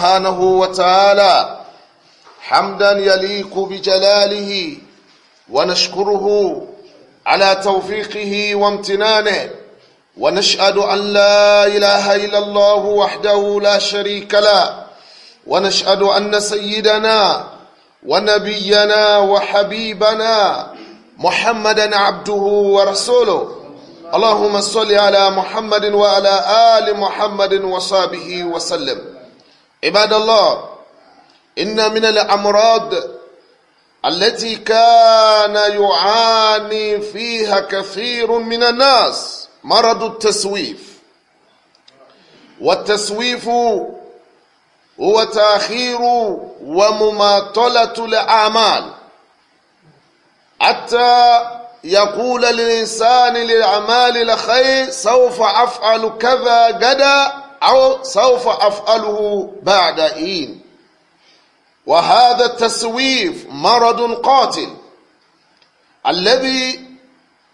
سبحانه وتعالى حمدا يليق بجلاله ونشكره على توفيقه وامتنانه ونشهد أن لا إله إلا الله وحده لا شريك له ونشهد أن سيدنا ونبينا وحبيبنا محمدا عبده ورسوله اللهم صل على محمد وعلى آل محمد وصحبه وسلم عباد الله إن من الأمراض التي كان يعاني فيها كثير من الناس مرض التسويف والتسويف هو تأخير ومماطلة الأعمال حتى يقول الإنسان للأعمال الخير سوف أفعل كذا غدا أو سوف أفعله بعد حين وهذا التسويف مرض قاتل الذي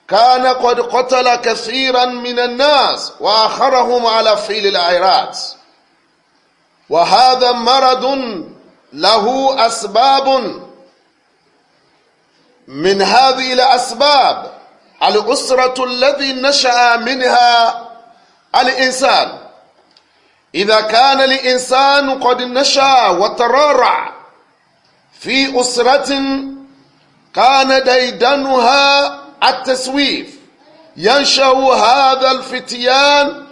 كان قد قتل كثيرا من الناس وآخرهم على فعل العيرات وهذا مرض له أسباب من هذه الأسباب الأسرة الذي نشأ منها الإنسان إذا كان الإنسان قد نشأ وترارع في أسرة كان ديدنها التسويف ينشأ هذا الفتيان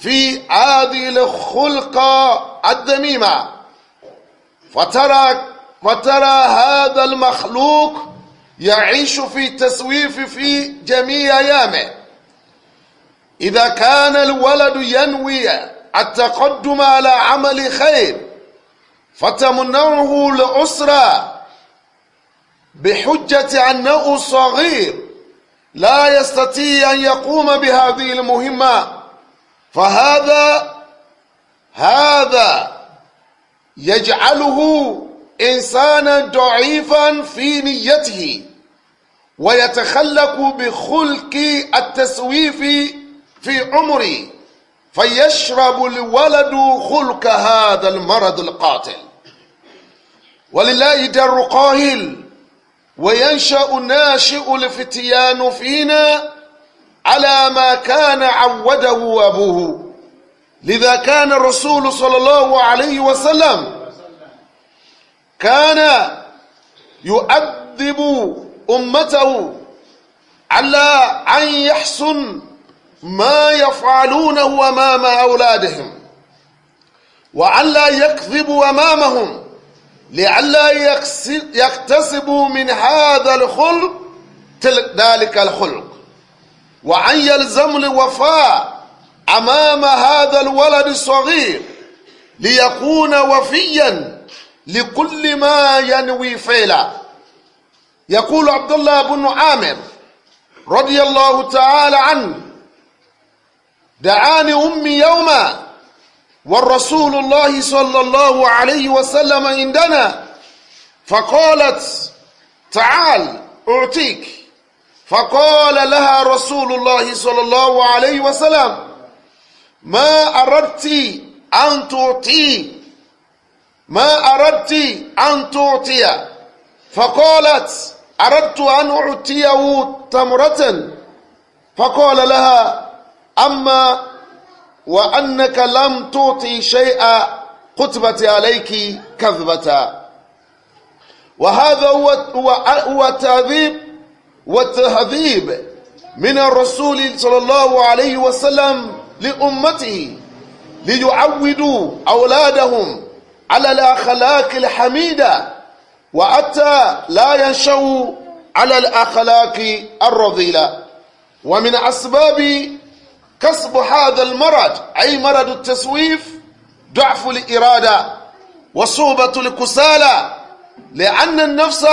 في هذه الخلقة الدميمة فترى فترى هذا المخلوق يعيش في تسويف في جميع أيامه إذا كان الولد ينوي التقدم على عمل خير فتمنعه لأسرة بحجة أنه صغير لا يستطيع أن يقوم بهذه المهمة فهذا هذا يجعله إنسانا ضعيفا في نيته ويتخلق بخلق التسويف في عمره فيشرب الولد خلق هذا المرض القاتل ولله در قاهل وينشأ ناشئ الفتيان فينا على ما كان عوده أبوه لذا كان الرسول صلى الله عليه وسلم كان يؤدب أمته على أن يحسن ما يفعلونه أمام أولادهم وعلا يكذبوا أمامهم لئلا يكتسبوا من هذا الخلق ذلك الخلق وعن يلزم الوفاء أمام هذا الولد الصغير ليكون وفيا لكل ما ينوي فعله يقول عبد الله بن عامر رضي الله تعالى عنه دعاني أمي يوما والرسول الله صلى الله عليه وسلم عندنا فقالت تعال أعطيك فقال لها رسول الله صلى الله عليه وسلم ما أردت أن تعطي ما أردت أن تعطي فقالت أردت أن أعطيه تمرة فقال لها أما وأنك لم تعطي شيئا كتبت عليك كذبة وهذا هو هو تهذيب والتهذيب من الرسول صلى الله عليه وسلم لأمته ليعودوا أولادهم على الأخلاق الحميدة وحتى لا ينشأوا على الأخلاق الرذيلة ومن أسباب كسب هذا المرض أي مرض التسويف ضعف الإرادة وصوبة الكسالى لأن النفس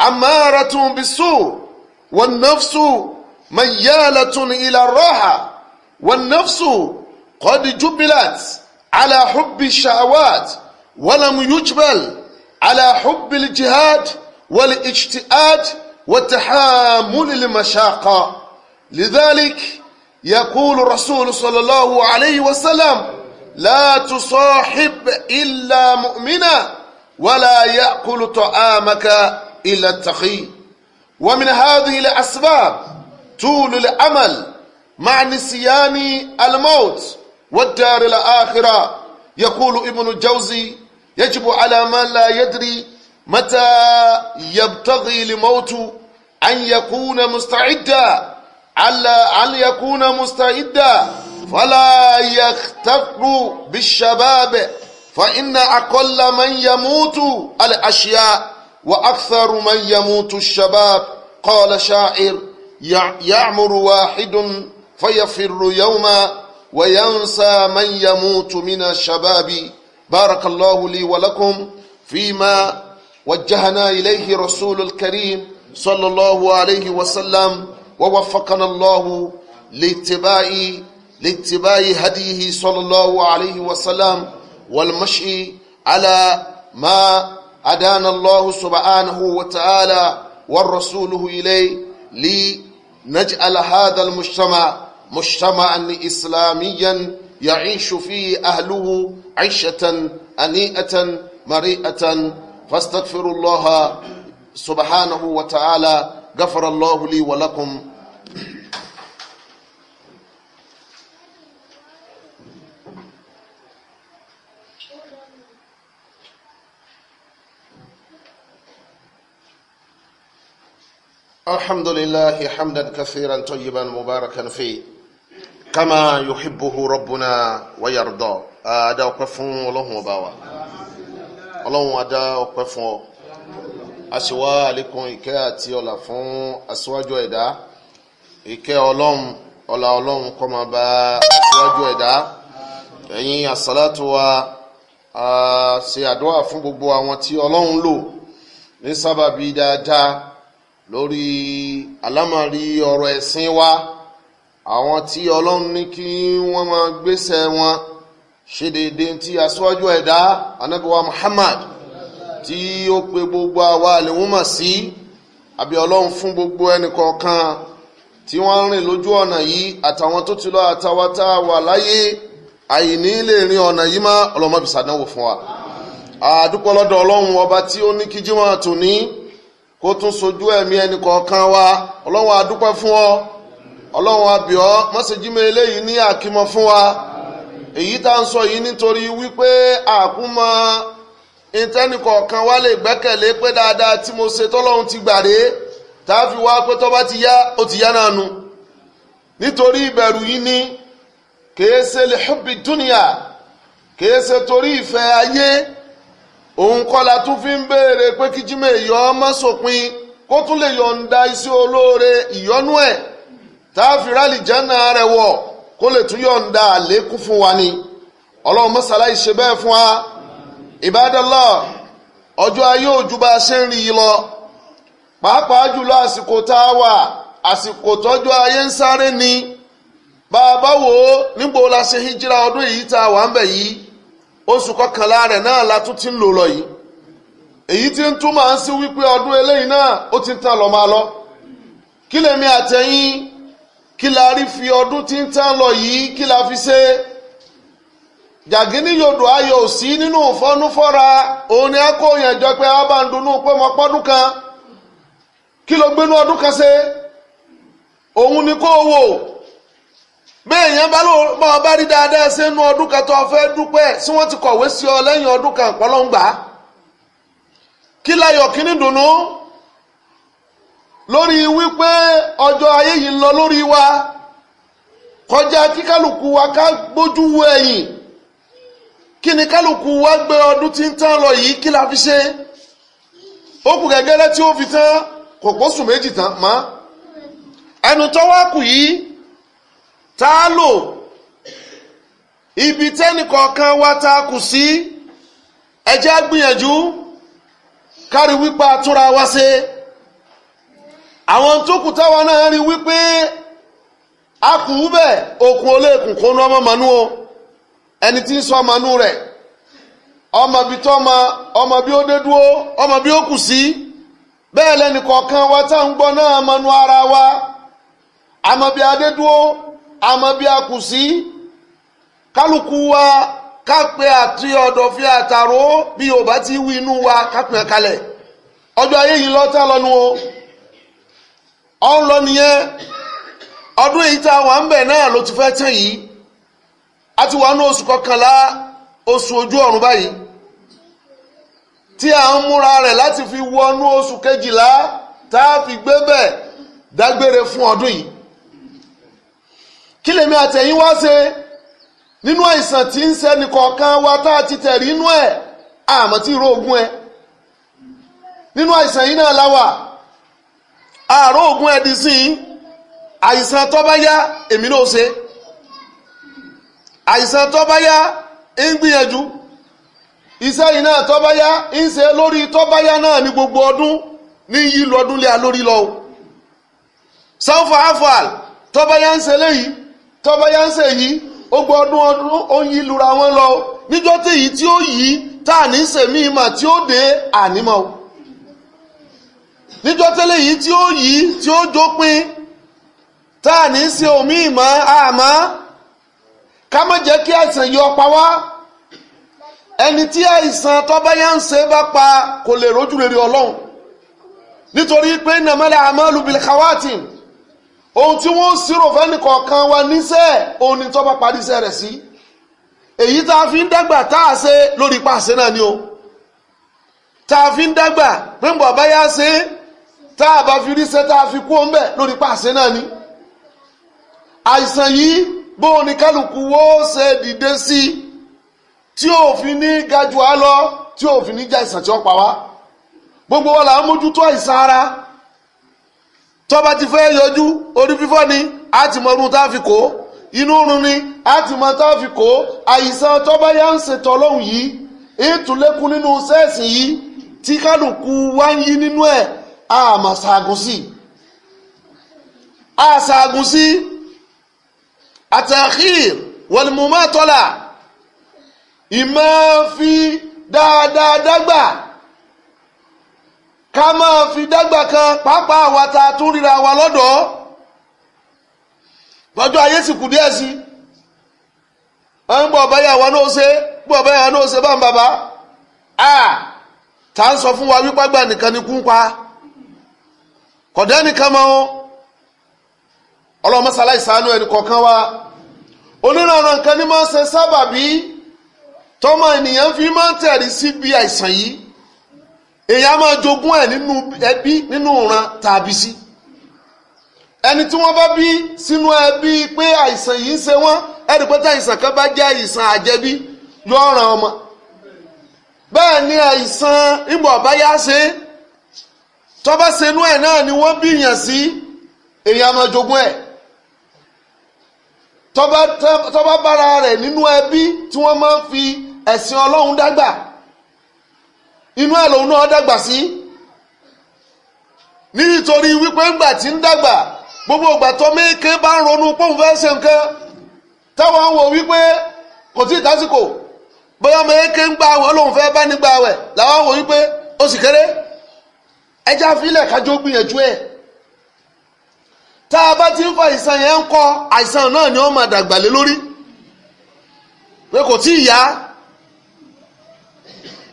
أمارة بالسوء والنفس ميالة إلى الراحة والنفس قد جبلت على حب الشهوات ولم يجبل على حب الجهاد والاجتهاد وتحامل المشاقة لذلك يقول الرسول صلى الله عليه وسلم لا تصاحب إلا مؤمنا ولا يأكل طعامك إلا التقي ومن هذه الأسباب طول الأمل مع نسيان الموت والدار الآخرة يقول ابن الجوزي يجب على من لا يدري متى يبتغي لموت أن يكون مستعدا على أن يكون مستعدا فلا يختفر بالشباب فإن أقل من يموت الأشياء وأكثر من يموت الشباب قال شاعر يعمر واحد فيفر يوما وينسى من يموت من الشباب بارك الله لي ولكم فيما وجهنا إليه رسول الكريم صلى الله عليه وسلم ووفقنا الله لاتباع لاتباع هديه صلى الله عليه وسلم والمشي على ما أدان الله سبحانه وتعالى ورسوله إليه لنجعل هذا المجتمع مجتمعا إسلاميا يعيش فيه أهله عيشة أنيئة مريئة فاستغفروا الله سبحانه وتعالى غفر الله لي ولكم الحمد لله حمدا كثيرا طيبا مباركا فيه كما يحبه ربنا ويرضى ada ọpẹ́ fún Ọlọ́hun Ọba wa Ọlọ́hun ada ọpẹ́ fún ọ aṣèwá àlékún ìkẹ́ àti ọlà fún aṣíwájú ẹ̀dá ìkẹ́ Ọlọ́hun ọlà Ọlọ́hun kó máa bá aṣíwájú ẹ̀dá ẹ̀yin àsálàtù gbogbo àwọn tí Ọlọ́hun lò ní sábàbí dáadáa lórí alámàrí ọ̀rọ̀ ẹ̀sìn wa àwọn tí ọlọ́run ní kí wọ́n máa gbéṣẹ́ wọn ṣe déédé tí aṣáájú ẹ̀dá anábíwá muhammad tí ó pe gbogbo àwa àlèwúmọ̀ sí àbí ọlọ́run fún gbogbo ẹnìkọ̀ọ̀kan tí wọ́n ń rìn lójú ọ̀nà yìí àtàwọn tó ti lọ àtàwọn tá a wà láyé àìní lè rin ọ̀nà yìí má ọlọ́mọbìsà náwó fún wa àdúpọ̀ lọ́dọ̀ ọlọ́run ọba tí ó ní kí jímọ̀ tòní kó tún sojú ẹ̀mí ẹnì kọ̀ọ̀kan wa ọlọ́run adúpẹ́ fún ọ ọlọ́run abìọ́ mọ́sẹ̀jímẹ́ eléyìí ní àkímọ́ fún wa èyí tá ń sọ yìí nítorí wípé àkúmọ́ ìtẹ́nìkọ̀ọ̀kan wa lè gbẹ́kẹ̀lé pé dáadáa mo ṣe tọ́lọ́run ti gbàdé tá fi wá pé bá ti yá ó ti yá náà nu nítorí ìbẹ̀rù yìí kèése lè dúnìyà òun kọ́la tún fi ń béèrè pé kí jímọ̀ èyí ọmọ sòpin kó tún lè yọ̀ǹda iṣẹ́ olóore ìyọ́nú ẹ̀ tá a fi rálì jẹ́nà rẹ̀ wọ̀ kó lè tún yọ̀ǹda àlékún fún wa ni ọlọ́run mọ́sálá ìṣe bẹ́ẹ̀ fún ayé òjú bá a ṣe ń rí i lọ pàápàá jùlọ àsìkò hijira ọdún yìí tá a wà ń oṣù kọkànlá rẹ̀ náà la tún ti ń lò lọ yìí èyí tí ń túmọ̀ ń sí wípé ọdún eléyìí náà ó ti ń tàn lọ máa lọ kí lèmi àtẹ̀yìn kí la rí fi ọdún tí ń tàn lọ yìí kí la fi ṣe jàgínní yòdò ayò sí nínú fọnú fọ́ra òun ni a kó yẹn jọ pé a bá ń dunnú pé mo pọ́dún kan kí ló gbénú ọdún kan ṣe òun ni kó wò béèyàn bá ló bá ọ bá rí dáadáa ṣe nu ọdún kan tó fẹ́ dúpẹ́ sí wọ́n ti kọ̀wé sí ọ lẹ́yìn ọdún kan pọ́lọ́ngbà kí láyọ̀ kíní dùnú lórí wípé ọjọ́ ayé yìí ń lọ lórí wa kọjá kí kálukú wa ká gbójú wo ẹ̀yìn kí ni kálukú wa gbé ọdún tí ń tán lọ yìí kí la fi ṣe ó kù gẹ́gẹ́rẹ́ tí ó fi tán kò pósù méjì tán mọ́ ẹnu tó wá kù yìí. taalụ lò ibi tẹ́nìkọ̀ọ̀kan wa ta kù sí ẹ jẹ́ á gbìyànjú kárí wa na àwọn tó kù náà rí wípé a kù ú bẹ̀ òkun olóòkùn kó nu ọmabi mànú ẹni tí ń sọ mànú rẹ̀ ọmọ àmọ́ bí a kù sí wa kápẹ́ ati ọdọ àtàró bí o bá ti wí inú wa kápẹ́ kalẹ̀ ọjọ ayé yìí lọ́tà lọ́nu o ọ̀ ń lọ nìyẹn ọdún èyí tá a wà ń bẹ̀ náà ló ti fẹ́ tán yìí a ti wà ní oṣù kọkànlá oṣù ojú ọ̀run báyìí tí a ń múra rẹ̀ láti fi wọnú oṣù kejìlá tá a fi gbé bẹ̀ dágbére fún ọdún yìí kí lèmi àtẹ̀yìn wá ṣe nínú àìsàn tí ń nìkọ̀ọ̀kan wa tá a ti tẹ̀rí inú ẹ̀ àmọ́ tí ìró ogun nínú àìsàn yìí náà láwà àárọ̀ ogun ẹ di sí àìsàn tó bá yá èmi náà ṣe àìsàn tó bá yá ń gbìyànjú iṣẹ́ yìí náà tó bá yá ń ṣe lórí tó bá yá náà ní gbogbo ọdún ní yí lọ́dún lé tọ́ba yá ń sè yìí ó gbọ́ ọdún ọdún ó ń yí lura wọn lọ níjọ́ tí èyí tí ó yí tá à ní sèmí ìmọ̀ tí ó dé ànímọ́ níjọ́ tẹ́lẹ̀ yìí tí ó yí tí ó jópin tá à ní ṣe omi ìmọ̀ àmọ́ ká má jẹ́ kí àìsàn yọ pa wá ẹni tí àìsàn tọ́ba yá bá pa kò lè rójú rere ọlọ́run nítorí pé nàmẹ́lẹ̀ àmọ́ lùbìlì kàwáàtì ohun tí wọ́n ń sírò fẹ́ni kọ̀ọ̀kan wa níṣẹ́ òun ni tó bá parí iṣẹ́ rẹ̀ sí èyí tá a fi ń dàgbà tá a ṣe lórí pàṣẹ náà ni o tá a fi ń dàgbà pé ń bọ̀ báyà ṣe é tá a bá fi ríṣẹ́ tá a fi kú ọ́nbẹ̀ lórí pàṣẹ náà ni àìsàn yìí bóun ni kálukú wó ṣe dìde sí i tí òfin ní gajù lọ tí òfin ní jẹ́ àìsàn tí ó pa wá gbogbo wa là ń mójútó àìsàn ara tọ́ba ti fẹ́ yọjú orí fífọ́ ni a ti mọ orun tá a fi kó inú oorun ni a ti mọ tá a fi kó àìsàn tọ́ba yá ń ṣètò ọlọ́run yìí ìtúlẹ̀kùn nínú sẹ́ẹ̀sì yìí tí kálukú wá ń yí nínú ẹ̀ a máa ṣaagun sí i a ṣaagun sí àtàkìr wọlùmọ́mọ́tọ́là ìmọ̀ fi dáadáa dágbà. Da, da, da, ká máa fi dágbà kan pàápàá àwa tá a tún ríra wa lọ́dọ̀ tọ́jú ayé sì kù díẹ̀ sí ẹ ń bọ̀ báyà wa náà ṣe bọ̀ báyà náà ṣe bá ń bàbá a ta a ń sọ fún wa wípé àgbà nìkan ni kú ń pa kọ̀dẹ́ nìkan mọ́ ọlọ́mọṣálá ìsànú ẹnì kọ̀ọ̀kan wa onírànà nǹkan ni máa ń ṣe sábàbí tọ́mọ ènìyàn fi máa ń tẹ̀rí síbi àìsàn yìí èèyàn máa jogún ẹ̀ nínú ẹbí nínú ìran tàbí sí ẹni tí wọ́n bá bí sínú ẹbí pé àìsàn yìí ń ṣe wọ́n ẹ̀rí pé tí àìsàn kan bá jẹ́ àìsàn àjẹbí yóò ràn ọmọ bẹ́ẹ̀ ni àìsàn ìbọ̀ báyá ṣe tọ́ba ṣenú ẹ̀ náà ni wọ́n bìyàn sí èèyàn máa jogún ẹ̀ tọ́ba bára rẹ̀ nínú ẹbí tí wọ́n máa ń fi ẹ̀sìn ọlọ́run dágbà inú ẹ̀ lòun náà dàgbà sí nítorí wípé ńgbà tí ń dàgbà gbogbo ìgbà tó méèké bá ń ronú pọ́ùn fẹ́ ṣe nǹkan táwọn ń wò wípé kò tí ì tásìkò bóyá méèké ń gba àwọn lòun fẹ́ bá nígbà wẹ̀ làwọn wò wípé ó sì kéré ẹjẹ́ àfilẹ̀ kájọ gbìyànjú ẹ̀ tá a bá ti ń fa àìsàn yẹn ń kọ àìsàn ni wọ́n máa dàgbà lé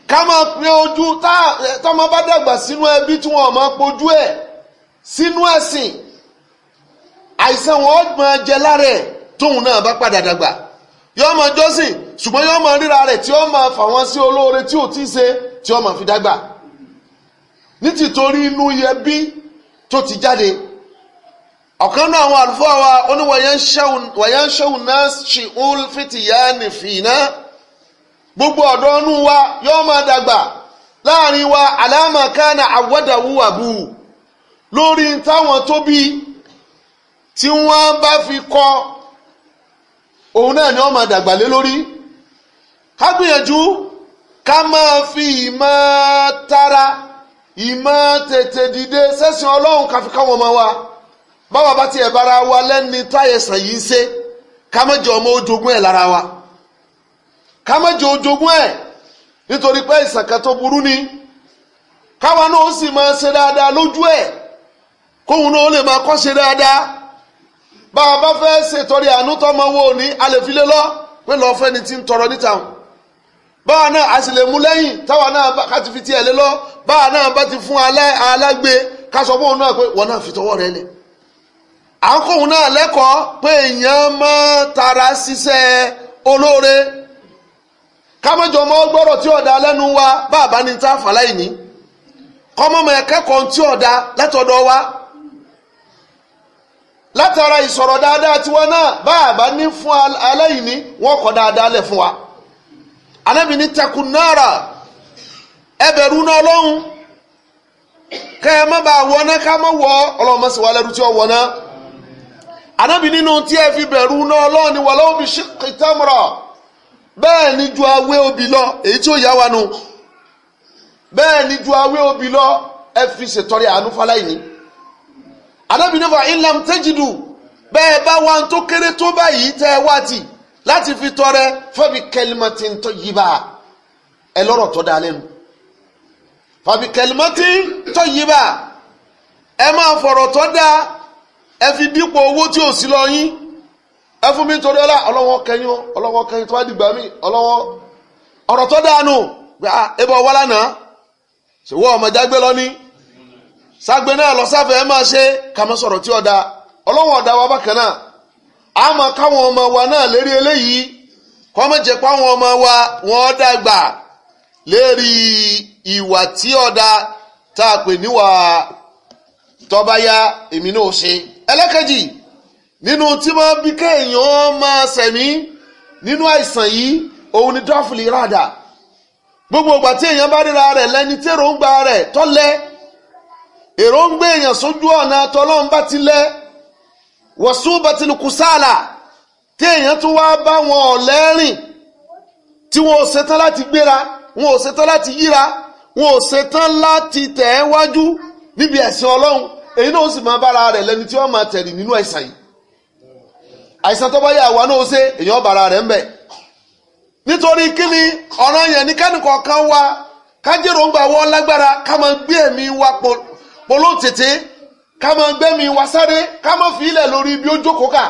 ká máa pin ojú tọ́mọ bá dàgbà sínú ẹbí tí wọ́n máa pojú ẹ̀ sínú ẹ̀sìn àìsàn wọn máa jẹ lára ẹ̀ tóun náà bá padà dàgbà yóò máa jọ́sìn ṣùgbọ́n yóò máa ríra rẹ̀ tí ó máa fà wọ́n sí olóore tí ò tí ì ṣe tí ó máa fi dàgbà ní tìtorí inú ẹbí tó ti jáde ọ̀kan náà àwọn àlùfáà wa ó ní wàyẹn náà ṣì ń fìtìyà nìfìnà gbogbo ọ̀dọ́ ọ̀nù wa yóò máa dàgbà láàrin wa àlámàkánà àwọ̀dàwùwàbù lórí táwọn tó bí tí wọ́n bá fi kọ́ òun náà ni wọ́n máa dàgbà lé lórí ká gbìyànjú ká máa fi ìmọ̀ tara ìmọ̀ tètè dìde sẹ́sìn ọlọ́run káfí káwọn ọmọ wa báwa bá tiẹ̀ bára wa lẹ́ni táyẹ̀sán yìí ń ṣe ká má ọmọ ojogun ẹ̀ lára wa. ká má jẹ ojogún ẹ̀ nítorí pé àìsàn tó burú ni káwa náà ó sì máa ṣe dáadáa lójú ẹ̀ kóhun náà ó lè máa kọ́ ṣe dáadáa bá wo ni a lè fi lé lọ pé lọ́ọ́ fẹ́ni tí ń tọrọ níta báwa náà ti fi tiẹ̀ lé lọ báwa náà ti fún alágbe ká sọ náà pé wọn náà fi tọwọ́ rẹ lẹ̀ à kámọ́jọ ọmọ gbọ́rọ̀ tí ọ̀dà lẹ́nu wa bá a bá ní tá a fà láì ní kọ́mọ́mọ́ ẹ̀kẹ́kọ̀ọ́ tí ọ̀dà látọ̀dọ̀ wa látara ìsọ̀rọ̀ dáadáa tiwa náà bá a bá ní fún aláìní wọn kọ̀ dáadáa lẹ̀ fún wa anábì ní takùn náírà ẹbẹ̀rún náà lọ́hùn kẹ́ ẹ má bàa wọ́n náà ká má wọ́ ọlọ́mọsíwá lẹ́rú tí ó wọ́n náà anábì nínú tí ẹ fi bẹ̀rù náà lọ́hùn ni wàlọ́hùn bí ṣe kìtàmùrọ̀ bẹ́ẹ̀ ni ju awé obì lọ èyí tí ó yá wa nu bẹ́ẹ̀ ni ju awé obì lọ ẹ fi ṣètọrẹ àánú fáláìní anábìnrin ilam tẹ́jìdù bẹ́ẹ̀ bá wa tó kéré tó báyìí tẹ́ ẹ wá tì láti fi tọrẹ fẹ́bi kẹlímọ́tì ń tọ́ yí bá ẹ lọ́rọ̀ tó dáa lẹ́nu fàbí kẹlímọ́tì ń tọ́ yí bá ẹ máa fọ̀rọ̀ tó dáa ẹ fi dípò owó tí ò sí lọ yín. ẹ mi nítorí ọlá ọlọ́wọ́ kẹyìn ọlọ́wọ́ kẹyìn tó bá dìgbà mí ọlọ́wọ́ ọ̀rọ̀ tó dànù ebo ah, wà lánàá ṣèwọ́ ọmọdégbé lọ ní ságbe náà lọ ẹ máa ṣe kàmọ́ tí ọ̀dà ọlọ́wọ́ ọ̀dà wa wa náà lérí eléyìí kọ́ mọ̀ jẹ́ wa dàgbà lérí ìwà tí tá a pè níwà èmi náà nínú tí máa bí kéèyàn máa sẹ̀mí nínú àìsàn yìí òun ni dọ́fìlì rádà gbogbo ìgbà tí èèyàn bá ríra rẹ̀ lẹ́ni tí èròǹgbà rẹ̀ tọ́lẹ̀ èròǹgbà èèyàn sójú ọ̀nà tọ́lọ́run bá ti lẹ́ wọ̀sùn bá ti lùkù sáàlà tí èèyàn tún wá bá wọn ọ̀lẹ́rìn tí wọn ò ṣetán láti gbéra wọn ò ṣetán láti yíra wọn ò ṣetán láti tẹ̀ ẹ́ wájú níbi ẹ̀sìn ọlọ́run èyí náà ó sì máa bára rẹ̀ lẹ́ni tí wọ́n máa tẹ̀rì nínú ẹ̀sàn yìí àìsàn tó bá yà wá náà ṣe èèyàn bàrà rẹ̀ ń bẹ̀ nítorí kíni ọ̀ràn yẹn ní wa kájèrò wọ́n lágbára ká máa gbé ẹ̀mí wa polo tètè ká máa gbẹ́mí wa sáré ká máa fi ilẹ̀ lórí ibi ó jókòó kà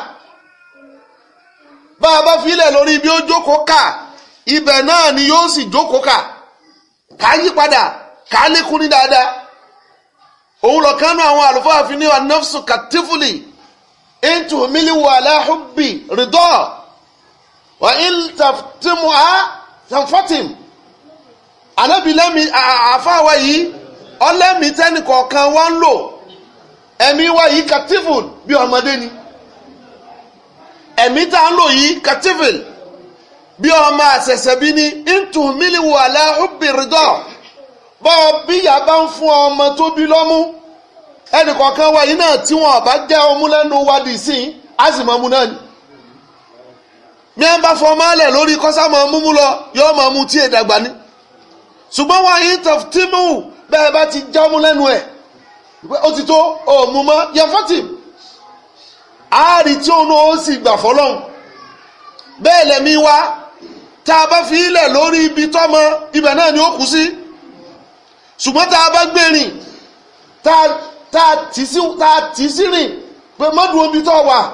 bá a bá ibi ó jókòó kà ibẹ̀ ni yóò sì jókòó kà ká yí padà ká lékún ní dáadáa òun àwọn àlùfáà fi ní in tuhmilu ala hubbi ridọ́ wa in taftimu ha tanfatim anabi lẹ́mi àfáwa yìí ọlẹ́mi tẹ́ni kọ̀ọ̀kan wá ń lò ẹ̀mí wa yìí katifun bí ọmọdé ni ẹ̀mí tá a ń lò yìí katifun bí ọmọ àṣẹ̀ṣẹ̀ bí ni in tuhmilu ala hubbi ridọ́ bọ́ọ̀ bíyà bá ń fún ọmọ tó bí lọ́mú ẹnì kọ̀ọ̀kan wa yìí náà tí wọn bá jẹ́ ọmú lẹ́nu wa dì sí á sì máa mu náà ni mi à ń bá fọmọ alẹ̀ lórí kọ́sá máa mú mú lọ yóò máa mu tí èdàgbà ni ṣùgbọ́n wọn yìí tọ̀ tí mú bẹ́ẹ̀ bá ti já ọmú lẹ́nu ẹ̀ ó ti tó òmù mọ́ yẹ fọ́tì àárí tí òun ó sì gbà fọlọ́hún bẹ́ẹ̀ lẹ́mí wa tá a bá fi ilẹ̀ lórí ibi tọ́mọ ibẹ̀ náà ni ó kù sí ṣùgbọ́n tá a bá gbèrìn tá a tá a tì sí tá a tì sí rìn pé mọ́dún omi tó wà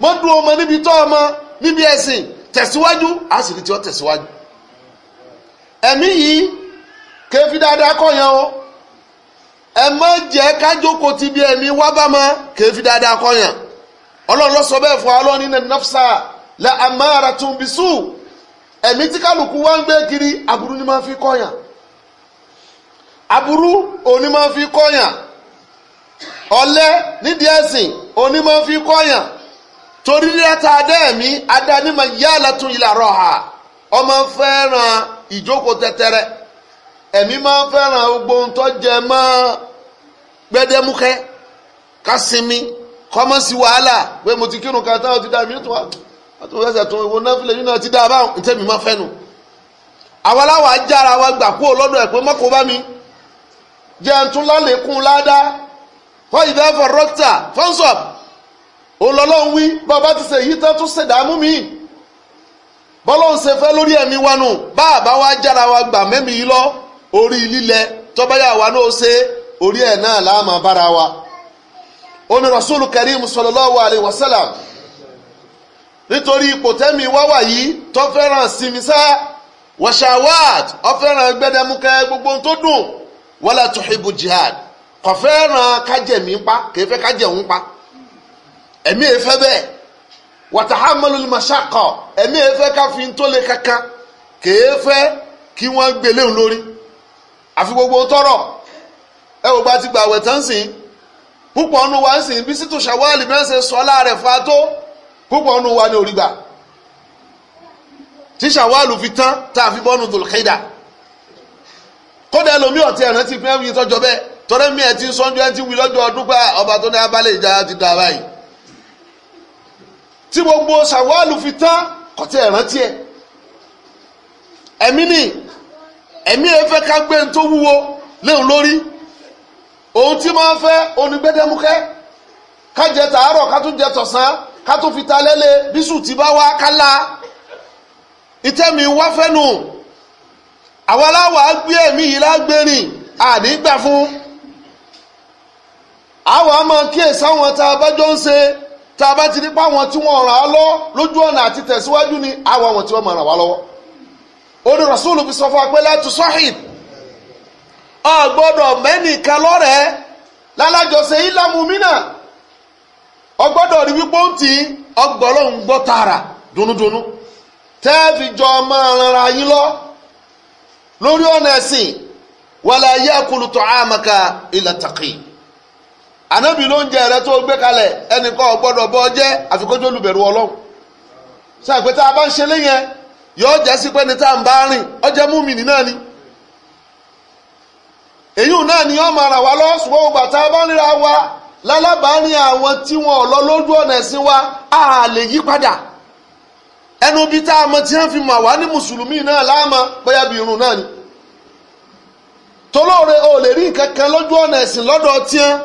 mọ́dún ọmọ níbi tó ọmọ níbi ẹ̀sìn tẹ̀síwájú á tí ó tẹ̀síwájú. ẹ̀mí yìí kéfi dáadáa kọ̀yàn o ẹ má jẹ́ kájókòó ti bí ẹ̀mí wá bá ma kéfi dáadáa kọ̀yàn ọlọ́run ló bẹ́ẹ̀ fún ọlọ́run nínú nafsa la amara tún bisu ẹ̀mí tí kálukú wá ń gbé kiri aburú ni máa fi kọ̀yàn aburú òní máa fi kọ̀yàn ọ̀lẹ nídìí ẹ̀sìn onímọ̀ fi kọ́yàn torí lẹ́tà adẹ́ẹ̀mí adánímọ̀ yálà tún ilà rọ̀ hà ọmọ fẹ́ràn ìjókòó tẹ́tẹ́rẹ́ ẹ̀mí máa ń fẹ́ràn gbogbo ohun tó jẹ mọ́ gbẹdẹmúkẹ́ kásìmí kọ́mọ́ sí wàhálà pé mo ti kírun kan táwọn ti dá mi nítorí wọ́n ti fẹsẹ̀ tún ìwọ náà fìlẹ̀ yìí náà ti dá a báwọn ntẹ́mi máa fẹ́ nu àwọn aláwọ̀ ajára wa gbà kúrò lọ́dọ̀ ẹ̀ pé mọ́kò bá mi jẹ́ ntúlálẹ̀kùn ládàá wọ́n ìdá fọ̀rọ́kítà fọ́nsọ̀p olọ́lọ́hún wí bàbá ti ṣe èyí tán tún ṣèdààmú mi bọ́lọ́hún ṣe fẹ́ lórí ẹ̀mí wa nù bá àbá wa jára wa gbà mẹ́mi yìí lọ orí lílẹ̀ tọ́báyà wa náà ṣe orí ẹ̀ náà láàmà bára wa oní rasúlù karim sallallahu alayhi wa sallam nítorí ipò tẹ́mi wá wà yìí tó fẹ́ràn sinmi sá wàṣàwáàt ọ fẹ́ràn gbẹdẹmukẹ gbogbo tó dùn wala tuhibbu jihad kò fẹ́ràn kájẹ̀mí pa kìí fẹ́ kájẹ̀hún pa ẹ̀mí ẹ̀ fẹ́ bẹ́ẹ̀ wàtàhámọ́lùmí màṣàkọ̀ ẹ̀mí ẹ̀ fẹ́ ká fi ń tó lé kankan kìí fẹ́ kí wọ́n gbélé òun lórí àfi gbogbo tọrọ ẹ ò gba ti gbà wẹ̀ tán sìn púpọ̀ ọ̀nù wa ń sìn bí sítò ṣàwálì bẹ́ẹ̀ ṣe sọ láàrẹ̀ fún ató púpọ̀ ọ̀nù wa ni òrìgbà tí ṣàwálù fi tán tá a fi bọ́nu dòlùkẹ́dà kódà ẹlòmíọ̀tì ẹ̀rántí fún ẹ̀mí tọ́jọ́ bẹ́ẹ̀ tọ́lẹ́ mi ẹ̀ ti sọ́njọ́ ẹ̀ ti wí lọ́jọ́ ọdún pé ọba tó ní abálẹ̀ ìjà ti dà báyìí tí gbogbo ṣàwálù fi tán kọ́tí ẹ̀ rántí ẹ̀ ẹ̀mí ni ẹ̀mí ẹ̀ fẹ́ ká gbé ní tó wúwo léun lórí òun tí máa ń fẹ́ onígbẹ́dẹ́múkẹ́ ká jẹ tàárọ̀ ká tún jẹ tọ̀sán ká tún fi ta lẹ́lẹ̀ bísù tí bá wá ká la ìtẹ́mi wá fẹ́ nù àwọn aláwọ̀ á gbé ẹ̀mí yìí lágbèrè àní gbà fún. àwa máa kíyèsí àwọn tá a bá jọ ń ṣe tá a bá ti nípa àti tẹ̀síwájú ni àwa àwọn tí wọ́n máa ràn wá lọ́wọ́ orí rasúlù fi sọ fún wa pé látú sọ́hìn ọ̀gbọ́dọ̀ mẹ́nìkan lọ́rẹ̀ẹ́ ọ gbọdọ ọgbọ́dọ̀ rí wípé ń tì í ọgbọ́lọ́hún gbọ́ tààrà tẹ́ẹ̀fì jọ yín lọ lórí ọ̀nà ẹ̀sìn wàlàyé àmàkà ànábì ló ń jẹ rẹ tó gbé kalẹ ẹnìkan ọ̀gbọ́dọ̀ bọ́ jẹ́ àfikọ́jọ́ olùbẹ̀rù ọlọ́run sọ tá a bá ń ṣe léyẹn yóò pé ní tá bá rìn náà ni èyí náà ni yóò máa ràn wá ṣùgbọ́n wa lọ lójú ọ̀nà ẹ̀sìn wa a lè yí padà ẹnu bí tá a mọ tí wọn fi ní mùsùlùmí náà bóyá bí irun náà ni tolóore lè rí nǹkan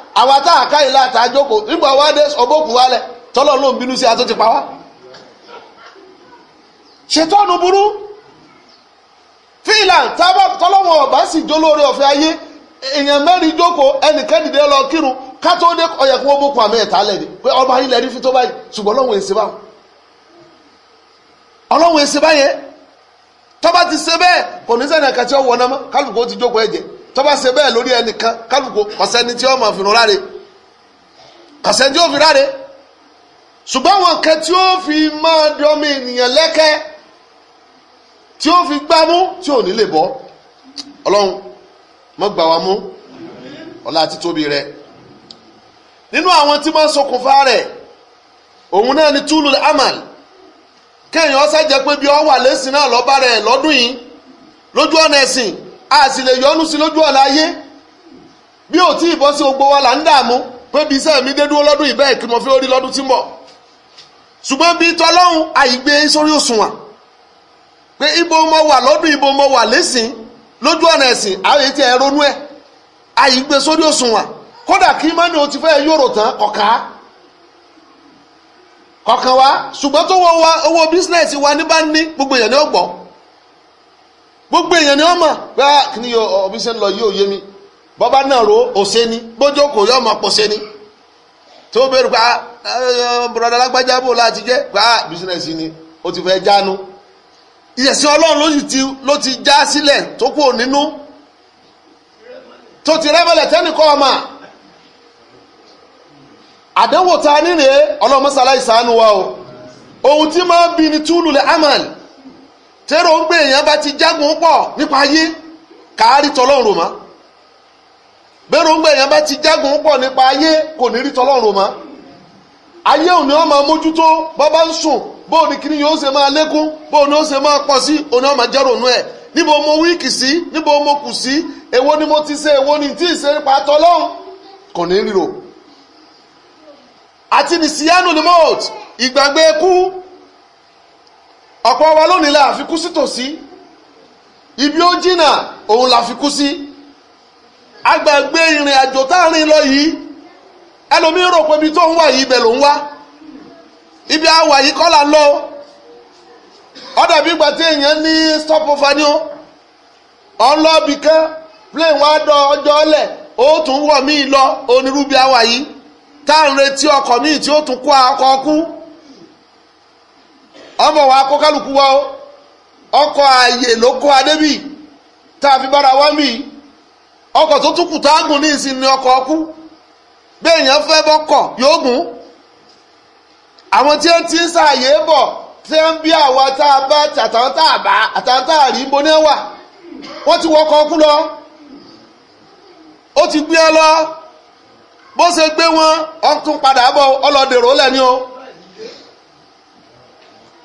àwa tá a káyìí láti àjókòó nígbà wá dé ọbọ̀kù wálẹ̀ tọ́lọ̀ ló ń bínú sí ató ti pa wá. ṣètọ́nu burú fíìlà tọ́lọ́wọ̀n ọ̀bá sì jó ọ̀fẹ́ ayé èèyàn mẹ́rin jókòó ẹnìkan dìde lọ kírun kátó dé àmì ẹ̀ta lẹ̀ ni pé ọba ilẹ̀ rí fi báyìí ṣùgbọ́n èsì báwọn èsì báyẹn tọ́ba ti ṣe bẹ́ẹ̀ kò ní sẹ́ni àkàtì tọ́ba ṣe bẹ́ẹ̀ lórí ẹnìkan kálukú kọ̀sẹ́ni tí ó máa fi ráre kọ̀sẹ́ni tí ó fi ráre ṣùgbọ́n àwọn kan tí ó fi máa dọ́mọ ènìyàn lẹ́kẹ́ tí ó fi gbámú tí ò ní lè bọ́ ọlọ́run mọ́ gbà wá mú ọlá àti tóbi rẹ̀ nínú àwọn tí máa ṣokùnfà rẹ̀ òun náà ni túlù amal kéèyàn ọ̀sẹ̀ jẹ́ pé bí ọ wà lẹ́sìn náà lọ́ba rẹ̀ lọ́dún yìí lójú ọ̀nà ẹ̀sìn a sì lè yọnu sí lójú ọ̀la ayé bí ò tí ì bọ́ sí gbogbo wa là ń dààmú pé bí iṣẹ́ mi dé dúró lọ́dún yìí bẹ́ẹ̀ mo fi ó rí lọ́dún tí ń ṣùgbọ́n bí tọ́lọ́hún àyígbé sórí òṣùwọ̀n pé ibo mo wà lọ́dún ibo mo wà lẹ́sìn lójú ọ̀nà ẹ̀sìn àwọn èyí tí ronú ẹ àyígbé sórí òṣùwọ̀n kódà kí mọ́ni o ti fẹ́ yòrò tán kọ̀kan wa ṣùgbọ́n tó wọ owó bísínẹ̀sì wa ní bá ní gbogbo èèyàn gbogbo èèyàn ni ọ mọ̀ pé ah, kí ni ọbí ṣe ń lọ yóò yé mi bọ́bá náà ro òṣè ni bójó kò yọ ọmọ pọ̀ṣẹ́ ni tó bẹ̀rù pa ah, bùrọ̀dá lágbájá bò láti jẹ́ pa ah, bísínẹ́sì ni ó ti fẹ́ jánu ìyẹ̀sìn ọlọ́run ló ti já sílẹ̀ tó nínú tó ti rẹ́mọ̀lẹ̀ tẹ́nìkọ́ ọmọ àdánwò ta nírèé ọlọ́mọsáláì ṣàánú wa o ohun tí máa ń bi ni túlù lẹ́ àmàlì tẹ́rọ ń gbé èèyàn bá ti jágun pọ̀ nípa ayé kàárí tọlọ́run mọ́ ń gbé èèyàn bá ti jágun pọ̀ nípa ayé kò ní rí tọlọ́run mọ́ ayé òní ọmọ mójútó bọ́bá ń sùn bóò ní kíní yóò ṣe máa lékún bóò ní ó ṣe máa pọ̀ sí òní ọmọ jẹ́rònú ẹ̀ níbo mo wíìkì sí níbo mo kù sí èwo ni mo ti ṣe èwo ni tí ì ṣe nípa ọ̀pọ̀ wa lónìí la àfikún sí tòsí ibi ó jìnnà òun la àfikún sí agbàgbé ìrìn àjò tá a lọ yìí ẹlòmíín rò pé ibi tó ń wà yìí ibẹ̀ ló ń wá ibi àwà yìí kọ́ la lọ ọ̀dà bí gbà tí èèyàn ní stop over ni ó ọlọ́ọ̀bì plane wa dọ ọjọ́ ọlẹ̀ ó tún wọ̀ míì lọ onírúbi àwà yìí tá à ń retí ọkọ̀ míì tí ó tún kó akọ kú ọmọ wa kó kálukú wa ó ọkọ̀ ààyè ló kó adébì tá a fi bára wá mí ọkọ̀ tó tún kù táàgùn ní ìsìn ni ọkọ̀ ọkú bẹ́ẹ̀ yẹn fẹ́ bọ́kọ̀ yóò gùn àwọn tí ó ti ń ṣàyè bọ̀ tí ń bí àwa tá a bá àtàwọn tá a bá àtàwọn tá a rí bo wà wọ́n ti ọkú lọ ó ti gbé ọ lọ bó ṣe gbé wọn ọtún padà bọ̀ ọlọ́dẹ̀rọ̀ lẹ́ni o.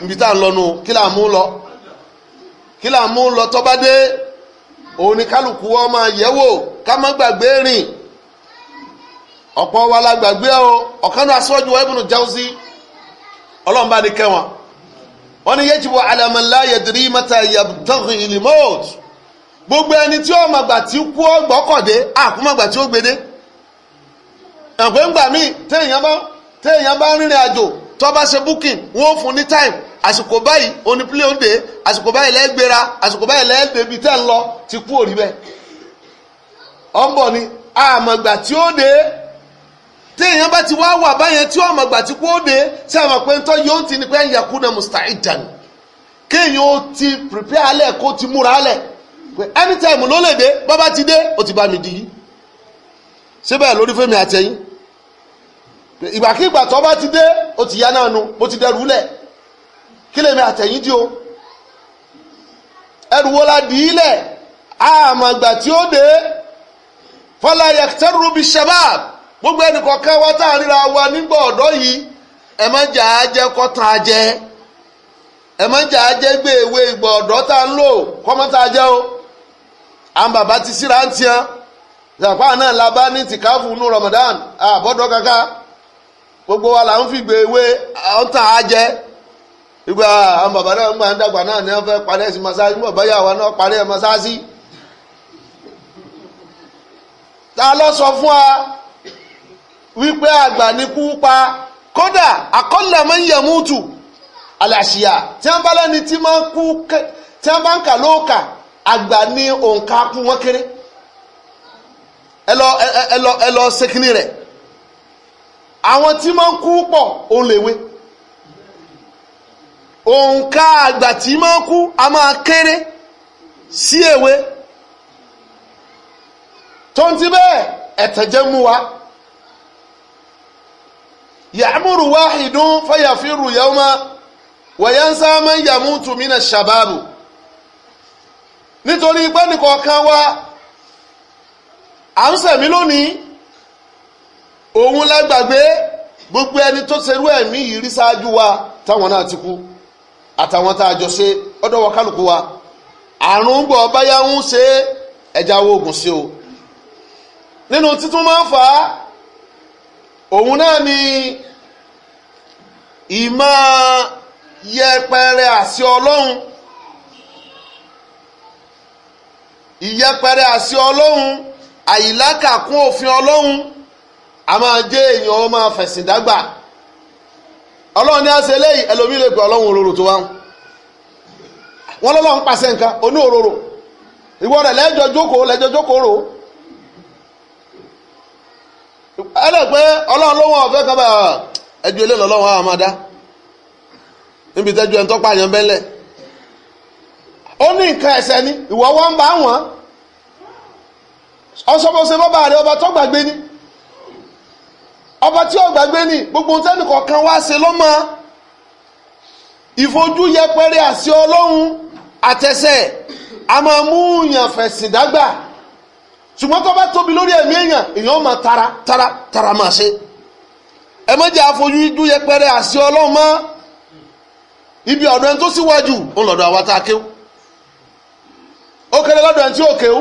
níbi tá kila ń lọ kila kí lọ kí là ń kálukú wọn máa wò ká má rìn ọ̀pọ̀ wa la gbàgbé o ọ̀kan náà wọn ni alamala yadiri mata yabtaghi al gbogbo ẹni tí ó tí kú tí ó ń gbà téèyàn bá téèyàn bá tó bá ṣe booking wọ́n fún ní time àsìkò báyìí oní play on day àsìkò báyìí lẹ́gbẹ̀ra àsìkò báyìí lẹ́ẹ̀dẹ̀bi tẹ́ ń lọ ti kú òrí bẹ́ẹ̀. ọ̀nbọ̀ ni àmọ̀gbà tí ó dé téèyàn bá ti wá wà báyẹn tí ọ̀mọ̀gbà tí kú ó dé tí àmọ̀ pé yóò ti ni pé yakuna musta'idan kéèyàn ó ti prepare alẹ̀ kó ti múra alẹ̀ pé anytime ló lè dé bàbá ti dé ó ti bá mi dì í síbẹ̀ lórí fẹ́mi àtẹ̀yìn ìgbàkigbà tó bá ti dé ó ti yá náà nu mo ti dẹrù lẹ̀ kí lèmi àtẹ̀yìn dí o ẹrù wo la dì í lẹ̀ àmàgbà tí ó dé fọlá yàtẹ̀rù bíi shabab gbogbo ẹnìkọ̀ọ̀kan wa tá a ríra wa nígbà ọ̀dọ́ yìí ẹ má jà á jẹ kọ́tà jẹ ẹ má jà á jẹ gbé ewé ìgbà ọ̀dọ́ tá a ń lò kọ́mọ́tà jẹ o àwọn bàbá ti síra ń tiẹ́ ìjàpá náà la bá ní tìkáfù nù Ramadan àbọ̀dọ̀ kankan gbogbo wa là ń fìgbè ewé ọ̀tá ajẹ́ ìgbà àwọn bàbá náà ń gbà ń dàgbà náà ni wọ́n fẹ́ parí ẹ̀sìn masáàsì mọ̀ báyà wa náà parí ẹ̀ masáàsì. ta ló sọ fún wa wípé àgbà ní kú pa kódà àkọlẹ̀ máa ń yẹ̀ mútu àlàṣìyà tí wọ́n bá lẹ́ni tí máa ń kú tí wọ́n bá ń kà lóòkà àgbà ní òǹkà kú wọ́n kéré ẹ lọ ẹ lọ ẹ lọ ṣe rẹ̀ àwọn tí máa ń kú pọ̀ òun lèwe òǹkà àgbà tí máa ń kú a máa kéré sí èwe tó ń ti bẹ́ẹ̀ ẹ̀tẹ̀jẹ̀ mú wa yàmúrù wáhìdún fayàfírù yawma wàyánsá máa ń yàmútu mí náà ṣàbàbù nítorí pẹ́ẹ́nì kọ̀ọ̀kan wa à ń sẹ̀mí lónìí òun lágbàgbé gbogbo ẹni tó ṣerú ẹ̀mí yìí rí ṣáájú wa táwọn náà ti kú àtàwọn tá a jọ ṣe ọ̀dọ̀ wa kálukú wa àrùn ń bọ̀ báyà ń ṣe ẹja oògùn sí o nínú títún máa ń fà á òun náà ni ìmọ̀ yẹpẹrẹ àṣẹ ọlọ́run ìyẹpẹrẹ àṣẹ ọlọ́run àyílákàkún òfin ọlọ́run a máa jẹ́ èèyàn ọmọ afẹ̀sìn dágbà ọlọ́run ní àṣẹ eléyìí ẹlòmí lè pè ọlọ́run òróró tó wá wọn lọ́lọ́run pàṣẹ nǹkan oní òróró ìwọ rẹ̀ lẹ́jọ́ jókòó lẹ́jọ́ jókòó rò ẹlẹ́ pé ọlọ́run ló ọ̀fẹ́ ah, ẹjọ́ ilé lọ́lọ́run á máa dá níbi tẹ́jú bẹ́lẹ̀ ó ní nǹkan ni wọn bá wọn ọsọ ọba tí ó gbàgbé ni gbogbo tẹ́nì kọ̀ọ̀kan wá ṣe lọ́mọ ìfojú yẹpẹrẹ àṣẹ ọlọ́run àtẹsẹ̀ a máa mú yàn fẹ̀sìn dágbà ṣùgbọ́n tó bá tóbi lórí ẹ̀mí èèyàn èèyàn máa tara tara tara máa ṣe ẹ má jẹ́ àfojú yẹpẹrẹ àṣẹ ọlọ́run mọ́ ibi ọ̀dọ̀ ẹni tó síwájú ń lọ́dọ̀ àwa tá a kéwú ó kéré lọ́dọ̀ ẹni tí ó kéwú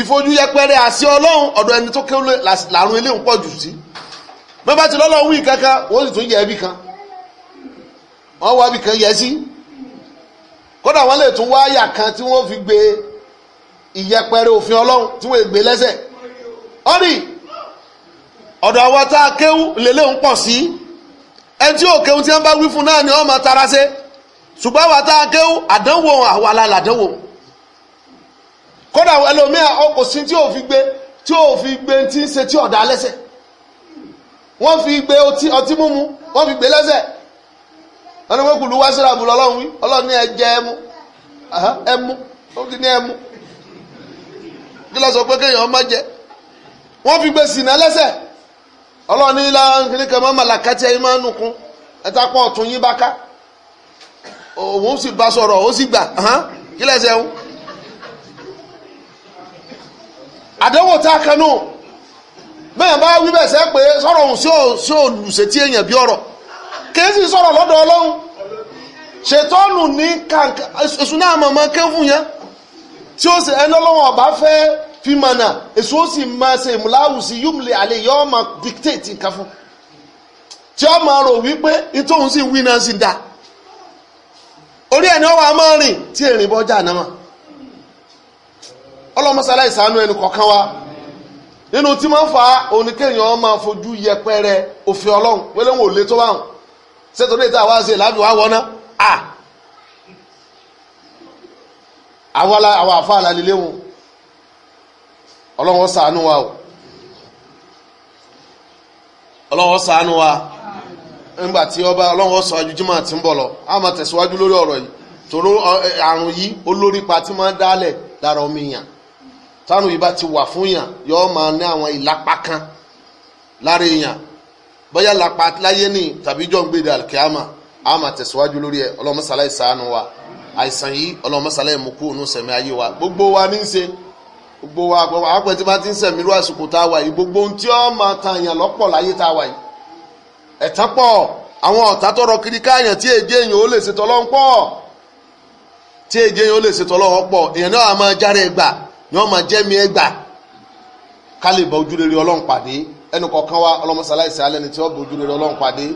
ìfojú yẹpẹrẹ àṣẹ ọlọ́run ọ̀dọ̀ ẹni tó kéwú làrùn ilé ń pọ̀ jù sí bẹ́ẹ̀ bá ti lọ́lọ́ wí kankan wọ́n sì tún yẹ ẹbí kan wọ́n wá ẹbí kan yẹ sí kódà wọ́n lè tún wáyà kan tí wọ́n fi gbé ìyẹpẹrẹ òfin ọlọ́run tí wọ́n gbé lẹ́sẹ̀ ọ́nì ọ̀dọ̀ àwa tá a kéwú lélẹ́ ń pọ̀ sí ẹni tí ò kéwú tí wọ́n bá wí fún náà ni wọ́n máa tara ṣe ṣùgbọ́n àwa tá a kéwú àdánwò àwa la làdánwò kódà ẹlòmíà ọkọ̀ sí tí ò fi gbé tí ò fi gbé tí ń ṣe tí ọ̀dà lẹ́sẹ̀ wọ́n fi gbé ọtí mímu wọ́n fi gbé lẹ́sẹ̀ ọdún wọn kùlù wá sírabu lọ́lọ́run wí ọlọ́run ní ẹjẹ ẹmu ẹmu ó ti ní ẹmu kí lọ sọ pé kéèyàn má jẹ wọ́n fi gbé sìnà lẹ́sẹ̀ ọlọ́run ní ilá nìkan mọ́ màlàkàtì ẹ̀yìn máa ń nùkún ẹ̀ta pọ̀ ọ̀tún yín bá ká òun sì bá sọ̀rọ̀ ó sì gbà kí lẹ́sẹ̀ ń. àdéhùn tá a kanú. bẹ́ẹ̀ bá wí bẹ́ẹ̀ sẹ́ pé sọ̀rọ̀ òun sí olùsè tí èèyàn bí ọ̀rọ̀ kì í sì sọ̀rọ̀ lọ́dọ̀ ọlọ́run ṣètọ́nù ní kàǹkà èṣù náà mọ̀ mọ́ kéwù yẹn tí ó sì ẹni ọlọ́run ọ̀bá fẹ́ fi mọ̀nà èṣù ó sì máa ṣe ìmúláwù yúmùlẹ̀ àlè yọ ọ́ dictate nǹkan fún tí ó máa rò wípé ìtòhun sì wí náà sì dáa orí ẹni ọwọ́ nínú tí máa ń fa oníkéèyàn máa fojú yẹpẹrẹ òfin ọlọ́run wẹ́lẹ́ wọn ò lè tó báwọn sẹ́tọ̀dé tá a àwa ṣe láàbì wá wọná à àwọn àfa àlàlílé wọn ọlọ́run ṣàánú wa o ọlọ́run ṣàánú wa nígbà tí ọba ọlọ́run sọ ajújímọ̀ àti ń bọ̀ lọ a máa tẹ̀síwájú lórí ọ̀rọ̀ yìí tòró àrùn yìí olórí pa tí máa ń dálẹ̀ lára omi yàn tánù yìí bá ti wà fún yàn yóò máa ní àwọn ìlapa kan lára èèyàn bóyá lapa láyé ní tàbí jọ̀ ń gbé dàlù kíámà a máa tẹ̀síwájú lórí ẹ̀ ọlọ́mọsálá ìsàánú wa àìsàn yìí ọlọ́mọsálá ìmúkú ònú sẹ̀mí ayé wa gbogbo wa ní í ṣe gbogbo wa àpẹẹrẹ àpẹẹrẹ tí bá ti ń sẹ̀mí irú àsìkò tá a wà yìí gbogbo ohun tí ó máa tan èèyàn lọ́pọ̀ láyé tá a wà yìí ẹ̀tàn pọ̀ àwọn ọ̀tá tọrọ kiri káàyàn tí èjé èèyàn ó lè ṣètò ọlọ́run tí èjé èèyàn ó lè ṣètò ọlọ́run yọ́n máa jẹ́ mi ẹgbà ká lè bá ojúrere ọlọ́run pàdé ẹnu kọ̀ọ̀kan wa ọlọ́mọsálá ìsàlẹ̀ ni tí wọ́n bá ojúrere ọlọ́run pàdé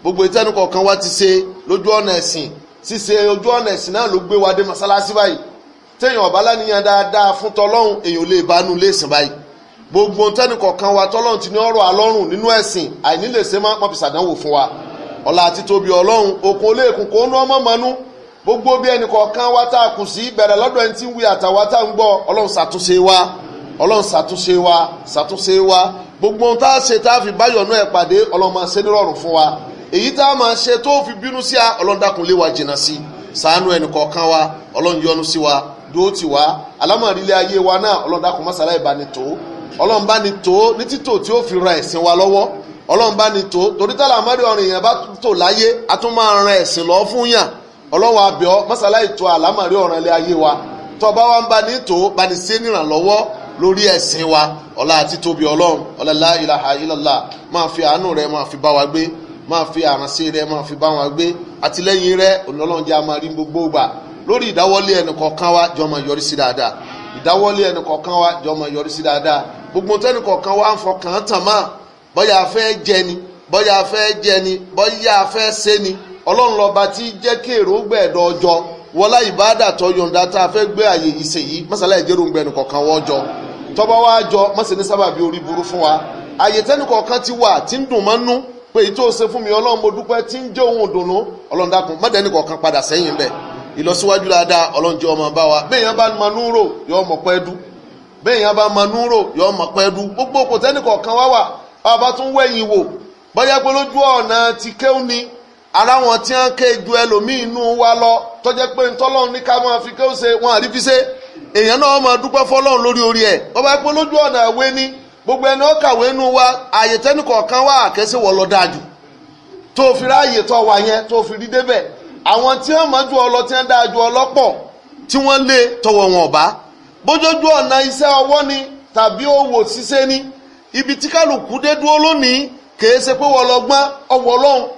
gbogbo ètò ẹnu kọ̀ọ̀kan wa ti ṣe lójú ọ̀nà ẹ̀sìn ṣíṣe ojú ọ̀nà ẹ̀sìn náà ló gbé wa dé mọ́sálásí báyìí téèyàn ọ̀bá láníyàn dáadáa fún tọlọ́run èèyàn lè banú léèsìn báyìí gbogbo tẹ́nì kọ̀ọ̀kan wa tọlọ́run ti ní ọ̀rọ̀ alọ́run nínú ẹ̀sìn àìnílèsè má pọ̀ fi ṣàdánwò fún wa ọ̀la àti tóbi ọlọ́run òkun olóòkun kò ń ná ọmọ mọ́nú gbogbo bí ẹnì kọ̀ọ̀kan wá tá a kù sí bẹ̀rẹ̀ lọ́dọ̀ ẹni tí ń wí àtàwá tá a ń gbọ́ ọlọ́run ṣàtúnṣe wa ọlọ́run ṣàtúnṣe wa ṣàtúnṣe wa gbogbo ohun tá a ṣe tá a fi báyọ̀nù ẹ̀ pàdé ọlọ́run máa ṣe nírọ̀rùn fún wa èyí tá a máa ṣe tó fi bínú sí a ọlọ́run dákun lé wa jìnnà sí ṣàánú ẹnì kọ̀ọ̀kan wa ọlọ́run yọ́nú sí wa dúró tì wá alámọ̀rílẹ̀ ayé wa náà ọlọ́run dákun mọ́sálá ìbánitó ọlọ́run bá ní tó ní títò tí ó fi ran ẹ̀sìn wa lọ́wọ́ ọlọ́run bá ní tó torí tálà ọ̀rìn yẹn bá tò láyé a tún máa ran ẹ̀sìn lọ́ọ́ fún yàn ọlọ́wọ́ abẹ́ọ́ mọ́sálá ètò àlámọ̀rí ọ̀ràn ilé ayé wa tọba wa ń bá ní tò bá ní sí nìrànlọ́wọ́ lórí ẹ̀sìn wa ọlá àti tóbi ọlọ́run ọlọ́lá ìlàhà ìlàlá máa fi àánú rẹ máa fi bá wa gbé máa fi àránṣẹ́ rẹ máa fi bá wa gbé àtìlẹ́yìn rẹ ọlọ́run jẹ́ a máa rí gbogbo gbà lórí ìdáwọ́lé ẹnìkọ̀ọ̀kan wa jọ máa yọrí sí dáadáa ìdáwọ́lé ẹnìkọ̀ọ̀kan wa jọ máa yọrí sí dáadáa gbogbo tẹ́nìkọ̀ọ̀kan wa ń fọkàn tàn máa bọ́yá a fẹ́ jẹ bọ́yá a fẹ́ jẹ bọ́yá a fẹ́ ṣe ọlọ́run lọ́ba tí jẹ́ kí èròǹgbà ẹ̀dọ̀ ọjọ́ wọlá ìbáàdà tó yọ̀ǹda tá a fẹ́ gbé àyè ìṣe yìí mọ́sálá ìjẹ́rù ń gbẹnu kọ̀ọ̀kan wọ́n jọ tọ́ba wá jọ mọ́sẹ̀ ní orí burú fún wa àyè tẹ́nu ti wà tí ń dùn mọ́ nú pé fún mi ọlọ́run mo dúpẹ́ tí ń jẹ́ òun òdùnnú padà sẹ́yìn bẹ́ẹ̀ ìlọsíwájú dáadáa ọmọ bá wa bá ara wọn tí wọn ké ju ẹlòmíín inú wa lọ tọ́jẹ́ pé ntọ́lọ́run ní ká máa fi kéwòn ṣe wọn àrí fi ṣe èèyàn náà máa dúpẹ́ fọlọ́run lórí orí ẹ̀ wọ́n bá pé lójú ọ̀nà ìwé ní gbogbo ẹni ó kàwé inú wa àyè tẹ́nìkọ̀ọ̀kan wà àkẹ́sẹ̀ wọ̀ lọ dájú tó fi ráàyè tó wà yẹn tó fi rí débẹ̀ àwọn tí wọn mọ̀ ju ọlọ tí wọn dáa ju ọlọ́pọ̀ tí wọ́n lé tọwọ́ wọn ọ̀bá bójójú ọ̀nà iṣẹ́ ọwọ́ ni tàbí òwò ṣíṣe ni ibi tí kálukú dé dúró lónìí kèé ṣe pé wọ́n lọ gbọ́n ọwọ́ ọlọ́run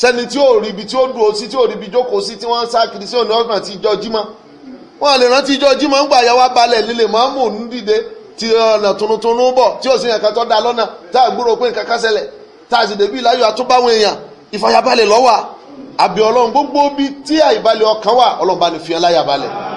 sẹ́ni tí ó rí ibi tí ó dúró sí tí ó rí ibi jókòó sí tí wọ́n ń sá kiri sí òní ọ̀gbìn ìjọ jímọ̀ wọn lè rántí ìjọ jímọ̀ ń gbà balẹ̀ líle mọ́mù ń dìde ti ọ̀nà tuntun ń bọ̀ tí ò sí yẹn da lọ́nà tá a gbúrò pé nǹkan kan ṣẹlẹ̀ tá a sì débí láyọ̀ àtúbáwọn èèyàn ìfàyàbalẹ̀ lọ́wọ́ àbí ọlọ́run gbogbo tí ọkàn